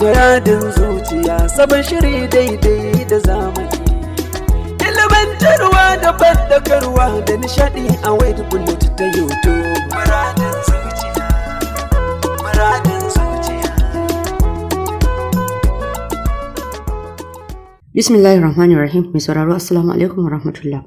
Muradin zuciya sabon shiri daidai da zamani. Ilimantarwa da bandakarwa da nishadi a wayar bullet ta YouTube. Muradin zuciya, muradin zuciya. Bismillahir Rahmanir Rahim, mai sauraro Assalamu alaikum wa rahmatullah.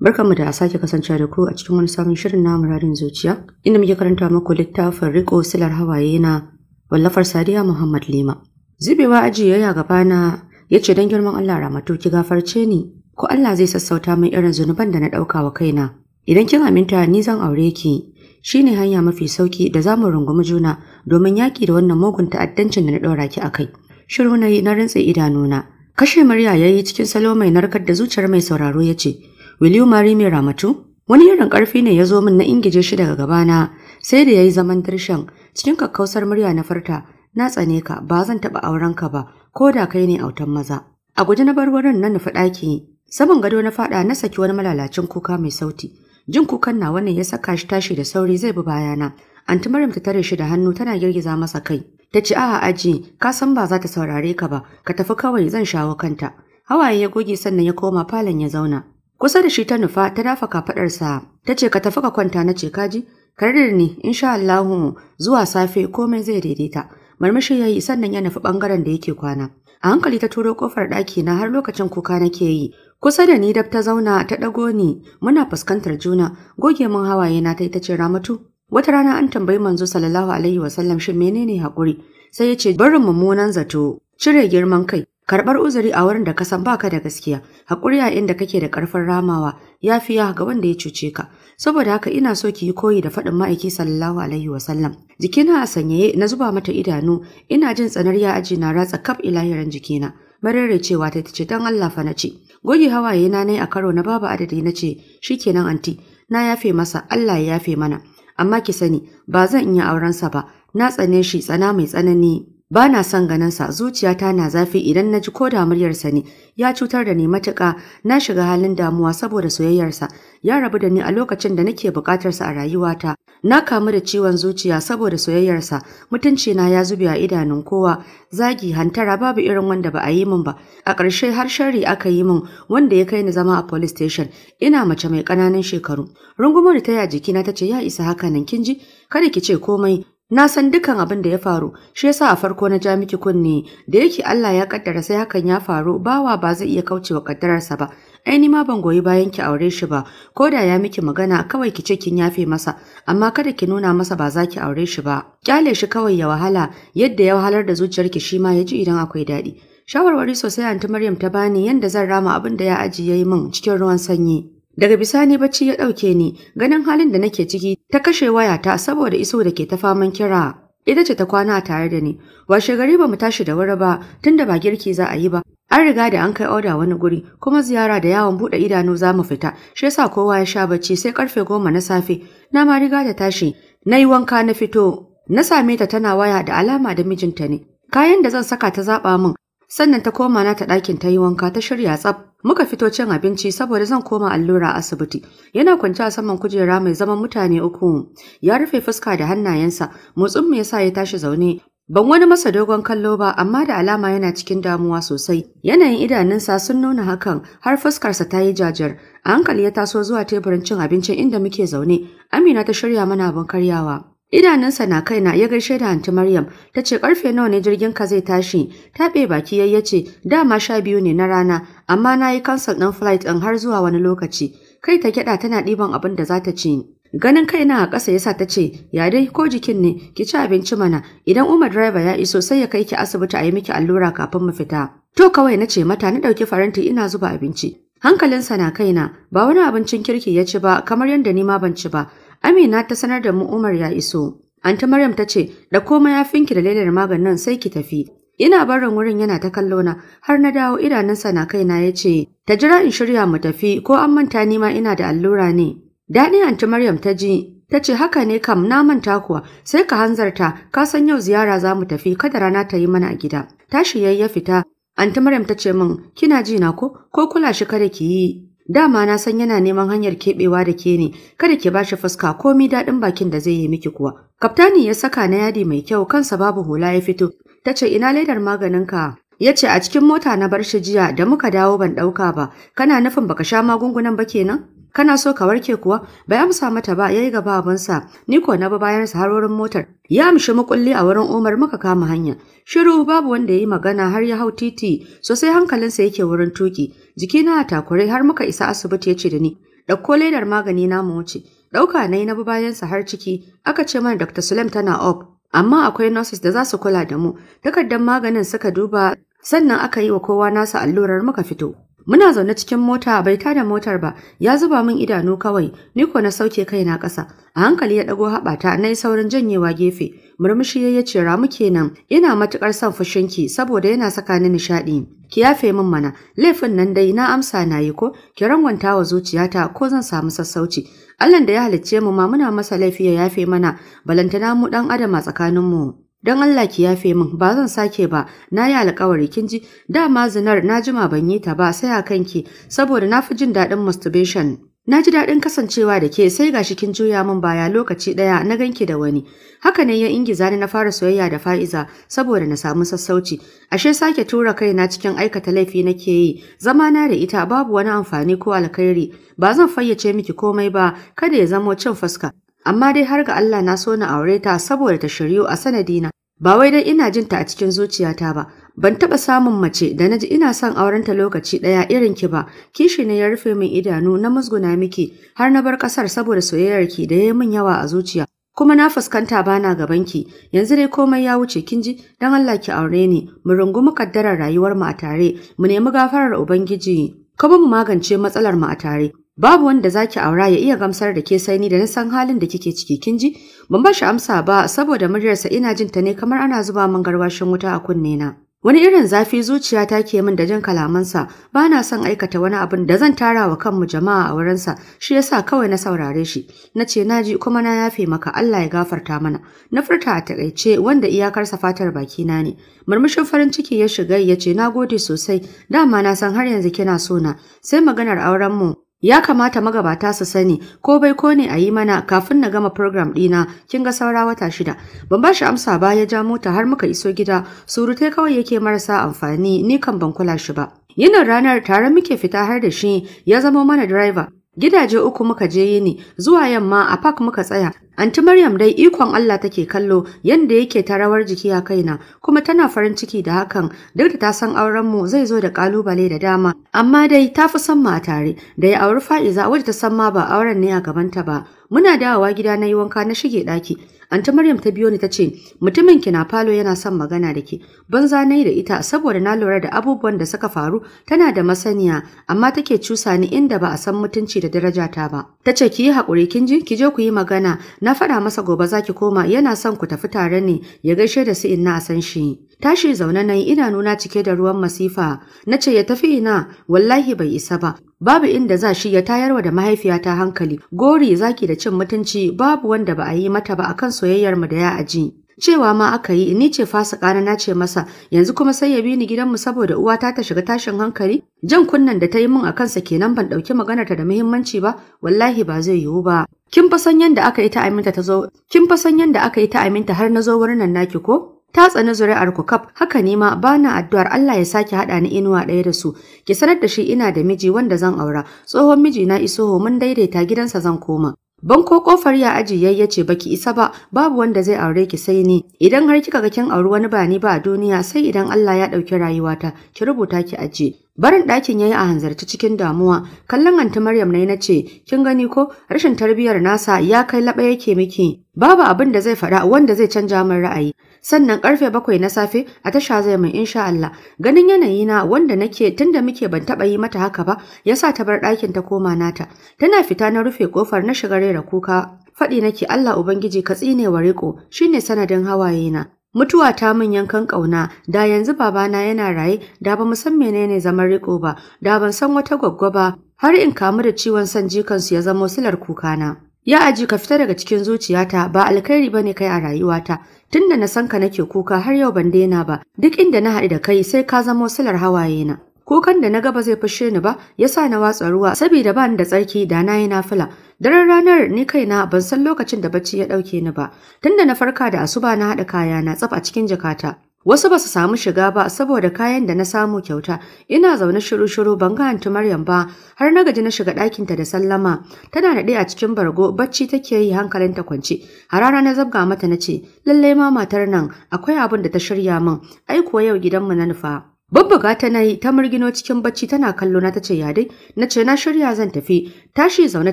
Barkanmu da a sake kasancewa da ku a cikin wani sabon shirin na muradin zuciya, inda muke karanta muku littafin Riko Silar Hawaye na wallafar Sadiya Muhammad Lima. Zubewa aji ya gabana, ya ce don girman Allah ramatu ki gafarce ni ko Allah zai sassauta min irin zunuban da na ɗauka wa kaina. Idan kin aminta ni zan aure ki shine hanya mafi sauki da za mu rungumi juna domin yaki da wannan mugun ta'addancin da na ɗora ki akai Shiru na yi na rintse idanuna. Kashe murya ya yi cikin salo mai narkar da zuciyar mai sauraro ya ce, Will you marry me Ramatu? Wani irin ƙarfi ne ya zo min na ingije shi daga gabana sai da ya yi zaman dirshan cikin kakkausar murya na farta na tsane ka ba zan taɓa auren ka ba ko da kai ne autan maza a guji na bar wurin na nufi ɗaki saman gado na faɗa na saki wani malalacin kuka mai sauti jin kukan na ne ya saka shi tashi da sauri zai bi bayana anti maryam ta tare shi da hannu tana girgiza masa kai ta ce aha aji ka san ba za ta saurare ka ba ka tafi kawai zan shawo kanta hawaye ya goge sannan ya koma falon ya zauna kusa da shi ta nufa ta dafa kafaɗarsa ta ce ka tafi ka kwanta na ce kaji karir ne insha Allahu zuwa safe komai zai daidaita marmashi yayi sannan ya nufi bangaren da yake kwana a hankali ta turo kofar daki na har lokacin kuka nake yi kusa da ni dab ta zauna ta dago ni muna fuskantar juna goge min hawaye na ta ita ce ramatu wata rana an tambayi manzo sallallahu alaihi wasallam shin menene hakuri sai ya ce barin mummunan zato cire girman kai Karɓar uzuri a wurin da ka san baka da gaskiya, haƙuri a inda kake da ƙarfin ramawa, yafiya ga wanda ya cuce ka. Saboda haka ina so ki yi koyi da faɗin ma'aiki sallallahu alaihi wa sallam. Jikina a sanyaye na zuba mata idanu, ina jin tsanar ya aji na ratsa kaf ilahiran jikina. Marere cewa ta tace dan Allah fa na ce. Goge hawaye na nayi a karo na babu adadi na ce shikenan anti, na yafe masa Allah ya yafe mana. Amma ki sani ba zan iya aurensa ba, na tsane shi tsana mai tsanani Ba na son ganinsa, zuciyata na zafi idan na ji ko da muryarsa ne, ya cutar da ni matuƙa, na shiga halin damuwa saboda soyayyarsa, ya rabu da ni a lokacin da nake buƙatarsa a rayuwata. Na kamu da ciwon zuciya saboda soyayyarsa, mutunci na ya zube a idanun kowa, zagi hantara babu irin wanda ba a yi min ba. A ƙarshe har shari aka yi min wanda ya kai ni zama a police station, ina mace mai ƙananan shekaru. Rungumar ta ya jikina ta ce ya isa haka nan kin ji, kada ki ce komai, Na san dukan abin da ya faru, shi yasa a farko na ja miki kunne, da yake Allah ya kaddara sai hakan ya faru, bawa ba zai iya kaucewa kaddararsa ba. Ai ni ma ban goyi bayan ki aure shi ba, ko da ya miki magana kawai ki ce kin yafe masa, amma kada ki nuna masa ba za ki aure shi ba. Kyale shi kawai ya wahala, yadda ya wahalar da zuciyarki shi ma ya ji idan akwai daɗi. Shawarwari sosai Aunty Maryam ta bani yadda zan rama abin da ya ajiye min cikin ruwan sanyi. Daga bisani bacci ya ɗauke ni, ganin halin da nake ciki ta kashe wayata saboda iso da ke ta faman kira. Ita ce ta kwana tare da ni, washe gari ba mu tashi da wuri ba tunda ba girki za a yi ba. An riga da an kai oda wani guri, kuma ziyara da yawon buɗe idanu za mu fita, shi yasa kowa ya sha bacci sai karfe goma na safe, na ma riga da tashi, na yi wanka na fito, na same ta tana waya da alama da mijinta ne. Kayan da zan saka ta zaɓa min sannan ta koma nata ɗakin ta yi wanka ta shirya tsaf muka fito cin abinci saboda zan koma allura asibiti yana kwance a saman kujera mai zaman mutane uku ya rufe fuska da hannayensa motsin me yasa ya tashi zaune ban wani masa dogon kallo ba amma da alama yana cikin damuwa sosai yanayin idanunsa sun nuna hakan har fuskarsa ta yi jajar a hankali ya taso zuwa teburin cin abincin inda muke zaune amina ta shirya mana abin karyawa Idanunsa na kaina ya gaishe da Anti Maryam ta ce karfe nawa ne jirgin ka zai tashi taɓe baki yayi ce dama sha biyu ne na rana amma na yi cancel ɗin flight ɗin har zuwa wani lokaci kai ta gyaɗa tana ɗiban abin da za ta ci ganin kaina a ƙasa yasa ta ce ya dai ko jikin ne ki ci abinci mana idan Umar driver ya iso sai ya kai ki asibiti a yi miki allura kafin mu fita to kawai na ce mata na ɗauki faranti ina zuba abinci hankalinsa na kaina ba wani abincin kirki ya ci ba kamar yadda ni ma ban ci ba Amina ta sanar da mu Umar ya iso. Anta Maryam ta ce, "Da koma ya finki da lalar maganin sai ki tafi." Ina barin wurin yana ta kallo na har na dawo idanunsa na kaina ya ce, "Ta jira in shirya mu tafi ko an manta ni ma ina da allura ne." Daɗi Anta Maryam ta ji, ta ce haka ne kam na manta kuwa sai ka hanzarta ka san yau ziyara za mu tafi kada rana ta yi mana a gida. Tashi yayi ya fita Anta Maryam ta ce min, "Kina ji na ko? Ko kula shi kada ki yi?" Dama na san yana neman hanyar keɓewa da ke ne, kada ki bashi fuska komi daɗin bakin da zai yi miki kuwa. Kaftani ya saka na yadi mai kyau kansa babu hula ya fito, ta ce ina ledar maganinka. Ya ce a cikin mota na bar shi jiya da muka dawo ban ɗauka ba, kana nufin baka sha magungunan ba kenan? kana so ka warke kuwa bai amsa mata ba yayi gaba ga ni ko na ba bayan sa harorin motar ya amshi makulli a wurin Umar muka kama hanya shiru babu wanda yayi magana har ya hau titi sosai hankalinsa yake wurin tuki jikina a takure har muka isa asibiti yace da ni dauko ledar magani na mu wuce dauka nayi na ba bayan sa har ciki aka ce mana Dr. Sulaim tana op amma akwai nurses da za su kula da mu takardar maganin suka duba sannan aka yi wa kowa nasa allurar muka fito Muna zaune cikin mota bai tada motar ba, ya zuba min idanu kawai, ni ko na sauke kaina ƙasa. A hankali ya ɗago haɓata na yi saurin janyewa gefe. Murmushi ya ce ramu kenan, ina matuƙar son fushinki saboda yana saka ni nishaɗi. Ki yafe min mana, laifin nan dai na amsa na yi ko, ki rangwanta wa zuciyata ko zan samu sassauci. Allah da ya halicce mu ma muna masa laifi ya yafe mana, balantana mu ɗan adama a tsakaninmu. don Allah ki yafe min ba zan sake ba na yi alƙawari, kin ji dama zinar na jima ban yi ta ba sai a kanki saboda na fi jin daɗin masturbation na ji daɗin kasancewa da ke sai gashi kin juya min baya lokaci ɗaya na ganki da wani haka ne ya ingiza ni na fara soyayya da fa'iza saboda na samu sassauci ashe sake tura kaina cikin aikata laifi nake yi zama na da ita babu wani amfani ko alkhairi ba zan fayyace miki komai ba kada ya zamo cin fuska amma dai har ga Allah na so na aure ta saboda ta shiryu a sanadina Ba wai dai ina jin ta a cikin zuciyata ba, ban taɓa samun mace da na ji ina son aurenta lokaci ɗaya irin ki ba, kishi ne ya rufe min idanu na musguna miki har na bar ƙasar saboda soyayyar ki da ya min yawa a zuciya. Kuma na fuskanta bana gaban ki, yanzu dai komai ya wuce kin ji don Allah ki aure ni, mu rungumi kaddarar rayuwar mu a tare, mu nemi gafarar Ubangiji, kuma mu magance matsalar mu a tare. Babu wanda zaki aura ya iya gamsar da ke sai ni da na san halin da kike ciki kin ji? Ban ba shi amsa ba saboda muryarsa ina jin ta ne kamar ana zuba min garwashin wuta a kunne na. Wani irin zafi zuciya ta ke min da jin kalamansa, ba na son aikata wani abin da zan tara wa kanmu jama'a a wurinsa, shi yasa kawai na saurare shi. Na ce na ji kuma na yafe maka Allah ya gafarta mana. Na furta a takaice wanda iyakarsa fatar bakina ne. Murmushin farin ciki ya shiga ya ce na gode sosai, dama na san har yanzu kina so na. Sai maganar aurenmu Ya kamata magabata su sani ko bai ko ne a yi mana kafin na gama program ɗina kin ga saura wata shida. Ban ba shi amsa ba ya ja mota har muka iso gida surutai kawai yake marasa amfani ni kan ban kula shi ba. Yinin ranar tare muke fita har da shi ya zama mana driver. Gidaje uku muka je yini zuwa yamma a park muka tsaya Anti Maryam dai ikon Allah take kallo yanda yake ta rawar jiki a kaina kuma tana farin ciki da hakan duk da ta san auren mu zai zo da kalubale da dama amma dai ta fi son ma tare da ya auri Fa'iza wadda ta san ma ba auren ne a gaban ta ba Muna dawowa gida na yi wanka na shige ɗaki. Anta Maryam ta biyo ni ta ce, mutumin ki na falo yana son magana da ke. Banza na yi da ita saboda na lura da abubuwan da suka faru tana da masaniya amma take cusa ni inda ba a san mutunci da daraja ta ba. Ta ce ki yi haƙuri kin ji ki je ku yi magana. Na faɗa masa gobe za ki koma yana son ku tafi tare ne ya gaishe da su inna a san shi. Tashi zaune na yi nuna cike da ruwan masifa. Na ce ya tafi ina wallahi bai isa ba. babu inda za shi ya tayarwa da mahaifiyata hankali gori zaki da cin mutunci babu wanda ba a yi mata ba akan soyayyar mu da ya aji cewa ma aka yi ni ce fasika na ce masa yanzu kuma sai ya bi ni gidanmu saboda uwata ta shiga tashin hankali jan kunnan da ta yi min a kansa kenan ban ɗauki maganarta da muhimmanci ba wallahi ba zai yiwu ba kin fa san yanda aka yi ta aminta ta zo kin fa san yanda aka yi ta aminta har na zo wurin nan naki ko Ta tsani zuri'ar ku kaf, haka ne ma ba na addu'ar Allah ya sake haɗa ni inuwa ɗaya da su. Ki sanar da shi ina da miji wanda zan aura. Tsohon miji na iso mun daidaita gidansa zan koma. Banko kofar ya ajiye ya ce baki isa ba, babu wanda zai aure ki sai ni. Idan har kika ga kin auri wani ba ni ba a duniya sai idan Allah ya ɗauki rayuwata, ki rubuta ki ajiye. Barin ɗakin ya yi a hanzarci cikin damuwa, kallon anti Maryam na na ce, Kin gani ko rashin tarbiyyar nasa ya kai laɓa yake miki, babu abin da zai faɗa wanda zai canja min ra'ayi. Sannan karfe bakwai na safe a tasha zai mai insha Allah, ganin yanayi na wanda nake tunda muke ban taɓa yi mata haka ba, ya sa ta bar ɗakin ta koma nata. Tana fita na rufe ƙofar na shiga rera kuka faɗi nake Allah Ubangiji ka tsine wa riko shine sanadin hawaye na Mutuwa ta min yankan ƙauna, da yanzu babana yana raye, da ba mu san menene zaman riko ba, da ban san wata gwaggwa ba, har in kamu da ciwon san jikansu ya zamo silar kuka na. Ya aji ka fita daga cikin zuciyata ba alkhairi bane kai a rayuwata tunda na san ka nake kuka har yau ban daina ba duk inda na haɗu da kai sai ka zamo silar hawaye na. Kukan da na gaba zai fashe ni ba yasa na watsa ruwa saboda ba ni da tsarki da na yi nafila Daren ranar ni kaina ban san lokacin da bacci ya ɗauke ni ba, tunda na farka da asuba na haɗa kaya na tsaf a cikin jakata. Wasu ba su samu shiga ba saboda kayan da na samu kyauta. Ina zaune shiru-shiru ban ga anti Maryam ba, har na gaji na shiga ɗakinta da sallama. Tana naɗe a cikin bargo, bacci take yi hankalin ta kwance. A rana na zabga mata na ce, lallai ma matar nan akwai abin da ta shirya min, ai kuwa yau gidanmu na nufa. Babbaga ta nayi ta murgino cikin bacci tana kallo na tace ya dai Na ce na shirya zan tafi tashi zaune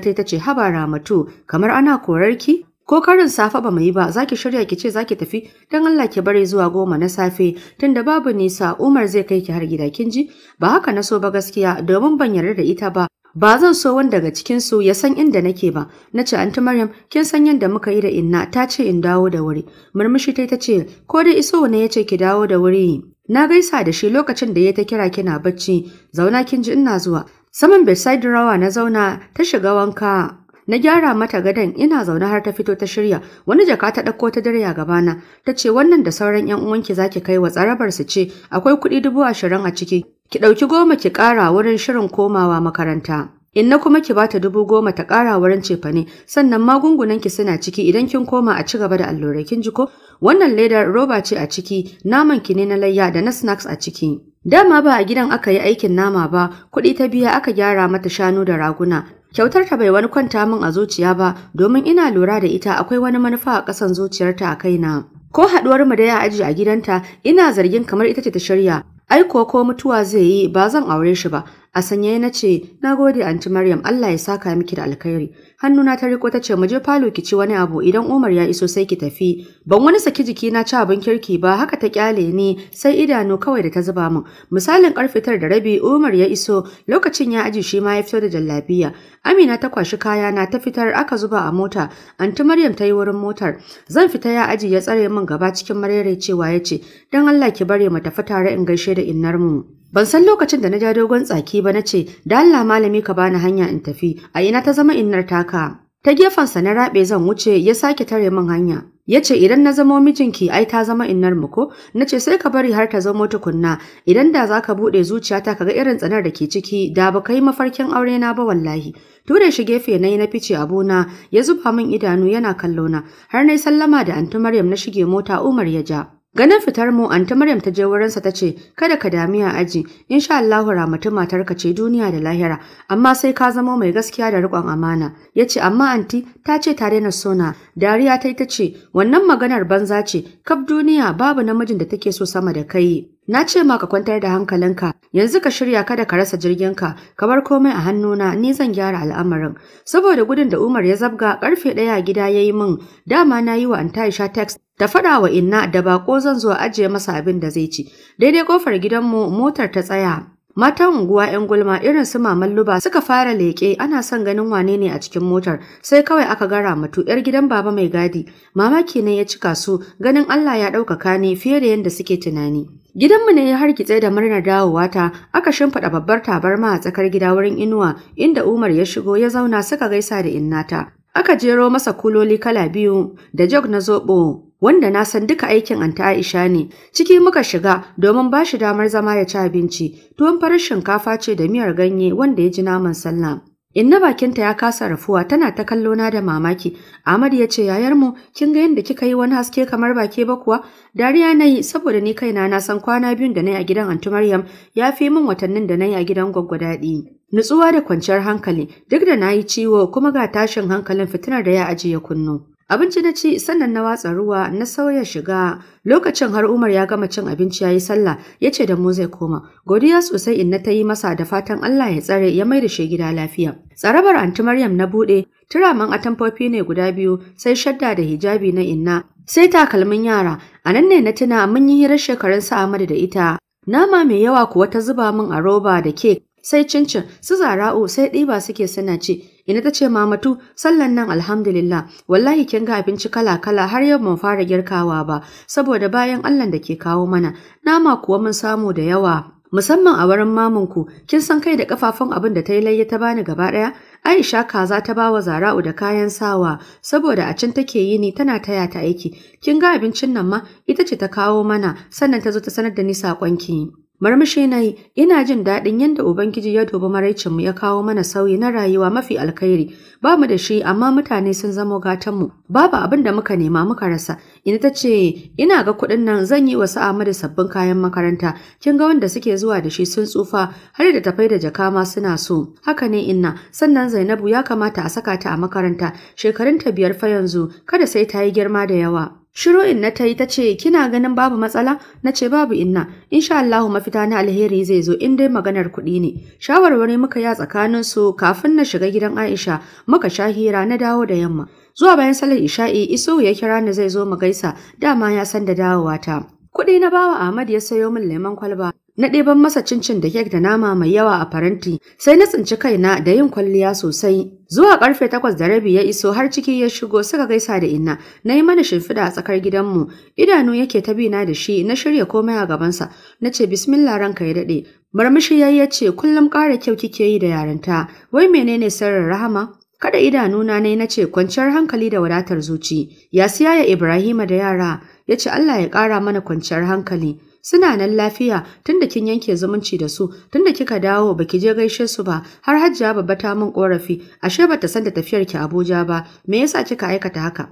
tai tace haba ramatu kamar ana korarki ko karin safe ba yi ba zaki shirya ki ce zaki tafi dan Allah ki bari zuwa goma na safe tunda babu nisa Umar zai kai ki har gida kin ji ba haka na so ba gaskiya domin ban yarda da ita ba ba zan so wanda daga cikin su ya san inda nake ba Na ce anti maryam kin san yadda muka yi da inna ta ce in dawo da wuri murmushi tai ta ce ko dai iso ne yace ki dawo da wuri Na gaisa da shi lokacin da ya ta kira kina bacci, zauna kin ji ina zuwa. Saman bedside rawa na zauna ta shiga wanka. Na gyara mata gadon ina zaune har ta fito ta shirya wani jaka ta ɗauko ta darya gabana ta ce wannan da sauran ‘yan uwanki zaki kai wa tsarabar su ce akwai kuɗi dubu ashirin a ciki ki ɗauki goma ki ƙara wurin shirin komawa makaranta. Inna kuma ki bata dubu goma ta ƙara wurin cefane, sannan magungunan ki suna ciki idan kin koma a ci gaba da allurai kin ji ko? Wannan ledar roba ce a ciki, naman ki ne na layya da na snacks a ciki. Dama ba a gidan aka yi aikin nama ba, kuɗi ta biya aka gyara mata shanu da raguna. Kyautar ta bai wani kwanta min a zuciya ba, domin ina lura da ita akwai wani manufa a ƙasan zuciyarta a kaina. Ko haɗuwar mu da ya aji a gidanta, ina zargin kamar ita ce ta shirya, ai ko mutuwa zai yi ba zan aure shi ba A sanye na ce, Na gode, Anti Maryam, Allah ya saka miki da alkhairi. hannuna ta riko ta ce mu je falo ki ci wani abu idan Umar ya iso sai ki tafi ban wani saki jiki na ci abin kirki ba haka ta kyale ni sai idanu kawai da ta zuba min misalin karfe tar da rabi Umar ya iso lokacin ya aji shi ma ya fito da jallabiya Amina ta kwashi kaya na ta fitar aka zuba a mota anti Maryam ta yi wurin motar zan fita ya aji ya tsare min gaba cikin marere cewa ya ce dan Allah ki bare mu tafi tare in gaishe da innar mu Ban san lokacin da na ja dogon tsaki ba na ce, da Allah malami ka bani hanya in tafi, a ina ta zama innar taka haka. Ta sa na raɓe zan wuce ya sake tare min hanya. Ya ce idan na zamo mijinki ai ta zama innar mu ko? Na ce sai ka bari har ta zamo tukunna. Idan da za ka buɗe zuciyata ka ga irin tsanar da ke ciki da ba ka mafarkin aure na ba wallahi. Ture shi gefe na yi na fice abona ya zuba min idanu yana kallona har na yi sallama da antu Maryam na shige mota Umar ya ja. Ganin fitar mu Anta Maryam ta je wurinsa ta ce kada ka dami a aji insha Allahu ramatu matarka ce duniya da lahira amma sai ka zama mai gaskiya da riƙon amana yace amma anti ta ce tare na sona dariya ta ta ce wannan maganar banza ce kaf duniya babu namijin da take so sama da kai Na ce ma ka kwantar da hankalinka, yanzu ka shirya kada ka rasa jirginka, ka bar komai a hannuna ni zan gyara al'amarin. Saboda gudun da Umar ya zabga karfe ɗaya gida ya yi min, dama na yi wa Antaisha text Ta faɗa wa inna da bako zan zo ajiye masa abin da zai ci. Daidai kofar gidanmu motar ta tsaya. Matan unguwa 'yan gulma irin su maman luba suka fara leƙe ana son ganin wane ne a cikin motar sai kawai aka gara mutu 'yar gidan baba mai gadi mamaki ne ya cika su ganin Allah ya ɗaukaka ne fiye da yadda suke tunani. Gidanmu ne ya hargitse da murnar dawowa ta, aka shimfiɗa babbar tabarma a tsakar gida wurin inuwa, inda Umar ya shigo ya zauna suka gaisa da innata. Aka jero masa kuloli kala biyu da jog na zoɓo wanda na san duka aikin anta Aisha ne. Ciki muka shiga domin ba shi damar zama ya ci abinci. Tuwon farar shinkafa ce da miyar ganye wanda ya ji naman sallah. Inna bakinta ya kasa rafuwa tana ta kallo na da mamaki. Ahmad ya ce yayar mu kin ga yanda kika yi wani haske kamar bake ba kuwa? Dariya nayi saboda ni kaina na san kwana biyu da na yi a gidan Antu Maryam ya fi min watannin da na yi a gidan gwaggwa daɗi. Nutsuwa da kwanciyar hankali duk da nayi ciwo kuma ga tashin hankalin fitinar da ya ajiye kunnu. Abinci na ci sannan na watsa ruwa na sauya shiga lokacin har Umar ya gama cin abinci ya yi sallah ya ce da mu zai koma. Godiya sosai in na ta yi masa da fatan Allah ya tsare ya mai da shi gida lafiya. Tsarabar anti Maryam na buɗe turaman atamfofi ne guda biyu sai shadda da hijabi na inna sai takalmin yara a nan ne na tuna mun yi hirar shekarun sa Amadu da ita. Nama mai yawa kuwa ta zuba min a roba da kek sai cincin su zara'u sai ɗiba suke suna ci ina ta ce mamatu sallan nan alhamdulillah wallahi kin ga abinci kala kala har yau ban fara girkawa ba saboda bayan Allah da ke kawo mana nama kuwa mun samu da yawa musamman a wurin mamanku kin san kai da kafafun abin da ta yi layya ta bani gaba daya Aisha kaza ta bawa Zara'u da kayan sawa saboda a can take yi ne tana taya ta aiki kin ga abincin nan ma ita ce ta kawo mana sannan ta zo ta sanar da ni sakonki marmashi na yi, ina jin daɗin yadda Ubangiji ya dubi maraicinmu ya kawo mana sauyi na rayuwa mafi alkhairi. Ba mu da shi, amma mutane sun zamo gatanmu. Babu abin da muka nema muka rasa. Ina ta ce, ina ga kuɗin nan zan yi wasu Amadu sabbin kayan makaranta. Kin ga wanda suke zuwa da shi sun tsufa, har da tafai da jaka ma suna so. Haka ne inna, sannan Zainabu ya kamata a saka ta a makaranta. Shekarunta biyar fa yanzu, kada sai ta yi girma da yawa. Shiru inna ta yi ta ce, Kina ganin babu matsala? Na ce babu inna, insha Allahu mafita na alheri zai zo in dai maganar kuɗi ne. Shawarwari muka ya tsakanin su kafin na shiga gidan Aisha, muka sha hira na dawo da yamma. Zuwa bayan salar Isha'i, Iso ya kira ni zai zo mu gaisa, dama ya san da dawowa ta. Kuɗi na bawa Ahmad ya sayo min lemon kwalba, Na ɗeban masa cincin da kek da nama mai yawa a faranti, sai na tsinci kaina da yin kwalliya sosai. Zuwa karfe takwas da rabi ya iso har ciki ya shigo suka gaisa da inna, na yi mana shimfiɗa a tsakar gidanmu, idanu yake ta bina da shi na shirya komai a gabansa, na ce bismillah ranka ya daɗe. Marmashi ya ya ce kullum ƙara kyau kike yi da yarinta, wai menene sirrin rahama? Kada idanuna ne na ce kwanciyar hankali da wadatar zuci, ya siya ya Ibrahima da yara, ya ce Allah ya ƙara mana kwanciyar hankali. suna nan lafiya tunda kin yanke zumunci da su tunda kika dawo baki je gaishe su ba har Hajiya babba ta min korafi ashe bata san da tafiyar ki Abuja ba me yasa kika aikata haka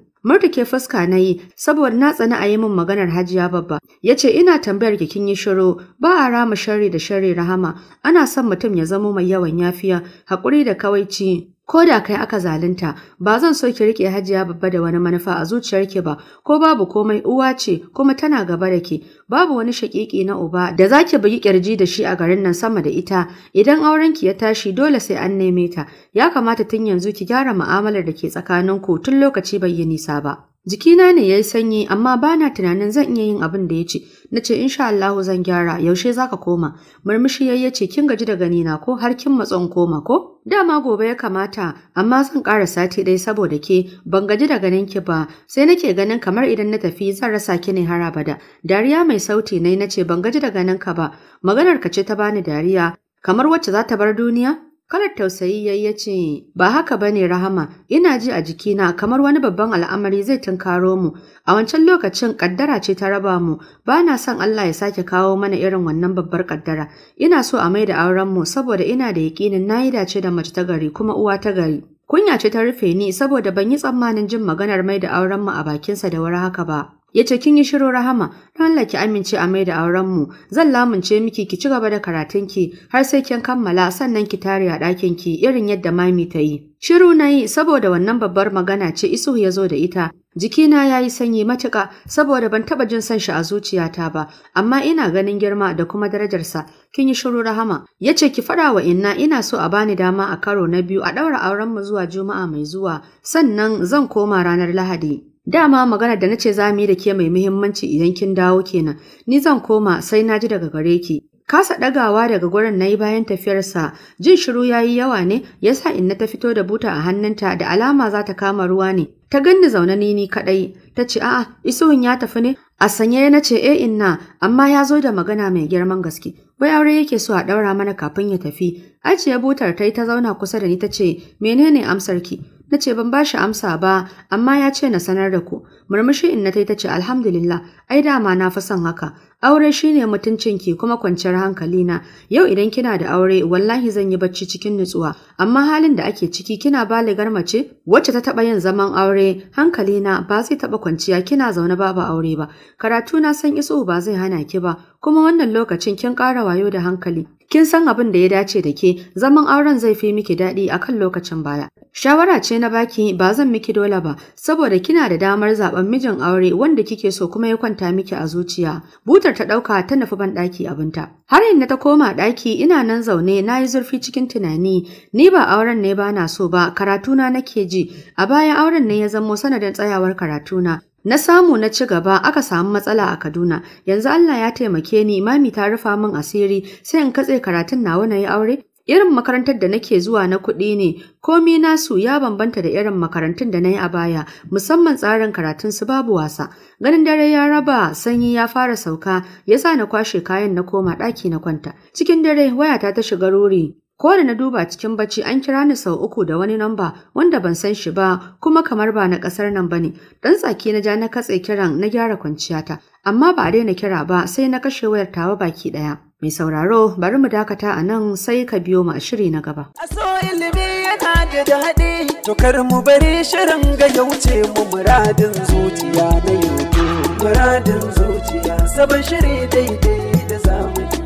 ke fuska na yi saboda na tsani a yi min maganar Hajiya babba. Ya ce ina tambayar ki kin yi shiru ba a rama sharri da sharri rahama ana son mutum ya zamo mai yawan yafiya haƙuri da kawaici ko da kai aka zalunta ba zan so ki rike hajiya babba da wani manufa a zuciyarki ba ko babu komai uwa ce kuma tana gaba da ke babu wani shakiki na uba da zaki bugi kirji da shi a garin nan sama da ita idan auren ki ya tashi dole sai an neme ta ya kamata tun yanzu ki gyara mu'amalar da ke tsakanin ku tun lokaci bai yi nisa ba Jikina ne ya yi sanyi amma ba na tunanin zan iya yin abin da ya ce, na ce insha Allah zan gyara yaushe za ka koma, murmushi ya ce kin gaji da ganina ko har kin matson koma ko? Dama gobe ya kamata amma zan ƙara sati ɗaya saboda ke ban gaji da ganin ki ba sai nake ganin kamar idan na tafi zan rasa ki ne har abada. Dariya mai sauti ne na ce ban gaji da ganin ka ba maganar ka ce ta bani dariya kamar wacce za ta bar duniya? Kalar tausayi yayi ya ce, Ba haka ba ne Rahama, ina ji a jikina kamar wani babban al'amari zai tunkaro mu, a wancan lokacin ƙaddara ce ta raba mu, ba na son Allah ya sake kawo mana irin wannan babbar ƙaddara, ina so a mai da mu, saboda ina da yaƙinin na yi dace da mace ta gari kuma uwa ta gari. Kunya ce ta rufe ni saboda ban yi tsammanin jin maganar mai da auren mu a bakinsa da wuri haka ba. ya ce kin yi shiru rahama don Allah ki amince a mai da auren mu zan lamunce miki ki ci gaba da karatun ki har sai kin kammala sannan ki tare a ɗakin ki irin yadda mami ta yi shiru na yi saboda wannan babbar magana ce isu ya zo da ita jikina ya yi sanyi matuƙa saboda ban taɓa jin son shi a zuciyata ba amma ina ganin girma da kuma darajarsa kin yi shiru rahama ya ce ki faɗa wa inna ina so a bani dama a karo na biyu a ɗaura auren mu zuwa juma'a mai zuwa sannan zan koma ranar lahadi Dama magana da nace za mu yi da ke mai muhimmanci idan kin dawo kenan. Ni zan koma sai na ji daga gare ki. Kasa ɗagawa daga gurin na yi bayan tafiyarsa, jin shiru ya yi yawa ne, ya sa na ta fito da buta a hannunta da alama za ta kama ruwa ne. Ta ganni zaune ni ni kaɗai, ta ce a'a isuhun ya tafi ne? A sanye na ce e inna, amma ya zo da magana mai girman gaske. Wai aure yake so a ɗaura mana kafin ya tafi. ya butar ta yi ta zauna kusa da ni ta ce menene ki? Na ce ban bashi amsa ba, amma ya ce na sanar da ku. Murmushi in na ta ce alhamdulillah, ai dama na fi son haka, Aure shine mutuncinki kuma kwanciyar hankalina. Yau idan kina da aure wallahi zan yi bacci cikin nutsuwa, amma halin da ake ciki kina baligar mace wacce ta taba yin zaman aure, hankalina? ba zai taba kwanciya kina zaune babu aure ba. Karatu na san iso ba zai hana ki ba, kuma wannan lokacin kin ƙara wayo da hankali. Kin san abin da ya dace da ke, zaman auren zai fi miki daɗi akan lokacin baya. Shawara ce na baki ba zan miki dole ba, saboda kina da damar zaben mijin aure wanda kike so kuma ya kwanta miki a zuciya. Butar Motar ta ɗauka ta nufi ban daki abinta. Har yanzu ta koma ɗaki ina nan zaune na yi zurfi cikin tunani. Ni ba auren ne ba na so ba, karatuna nake ji. A baya auren ne ya zamo sanadin tsayawar karatuna. Na samu na ci gaba aka samu matsala a Kaduna. Yanzu Allah ya taimake ni, mami ta rufa min asiri, sai in katse karatun nawa na yi aure, Irin makarantar da nake zuwa na kuɗi ne, komi nasu ya bambanta da irin makarantun da na yi a baya, musamman tsarin karatun su babu wasa. Ganin dare ya raba, sanyi ya fara sauka, ya sa na kwashe kayan na koma ɗaki na kwanta. Cikin dare wayata ta shiga ruri, Ko da na duba cikin bacci an kira ni sau uku da wani namba wanda ban san shi ba kuma kamar ba na ƙasar nan ba ne Dan tsaki na ja na katse kiran na gyara kwanciyata amma ba a daina kira ba sai na kashe wayar tawa baki ɗaya. Mai sauraro bari mu dakata a nan sai ka biyo mu a shiri na gaba. A so ilimi yana da daɗi, to kar mu bari shirin ga yauce mu muradin zuciya na yanzu. Muradin zuciya sabon shiri daidai da zamani.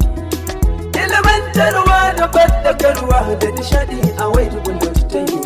Ilimantarwa da fadakarwa da nishaɗi a wai ta yi.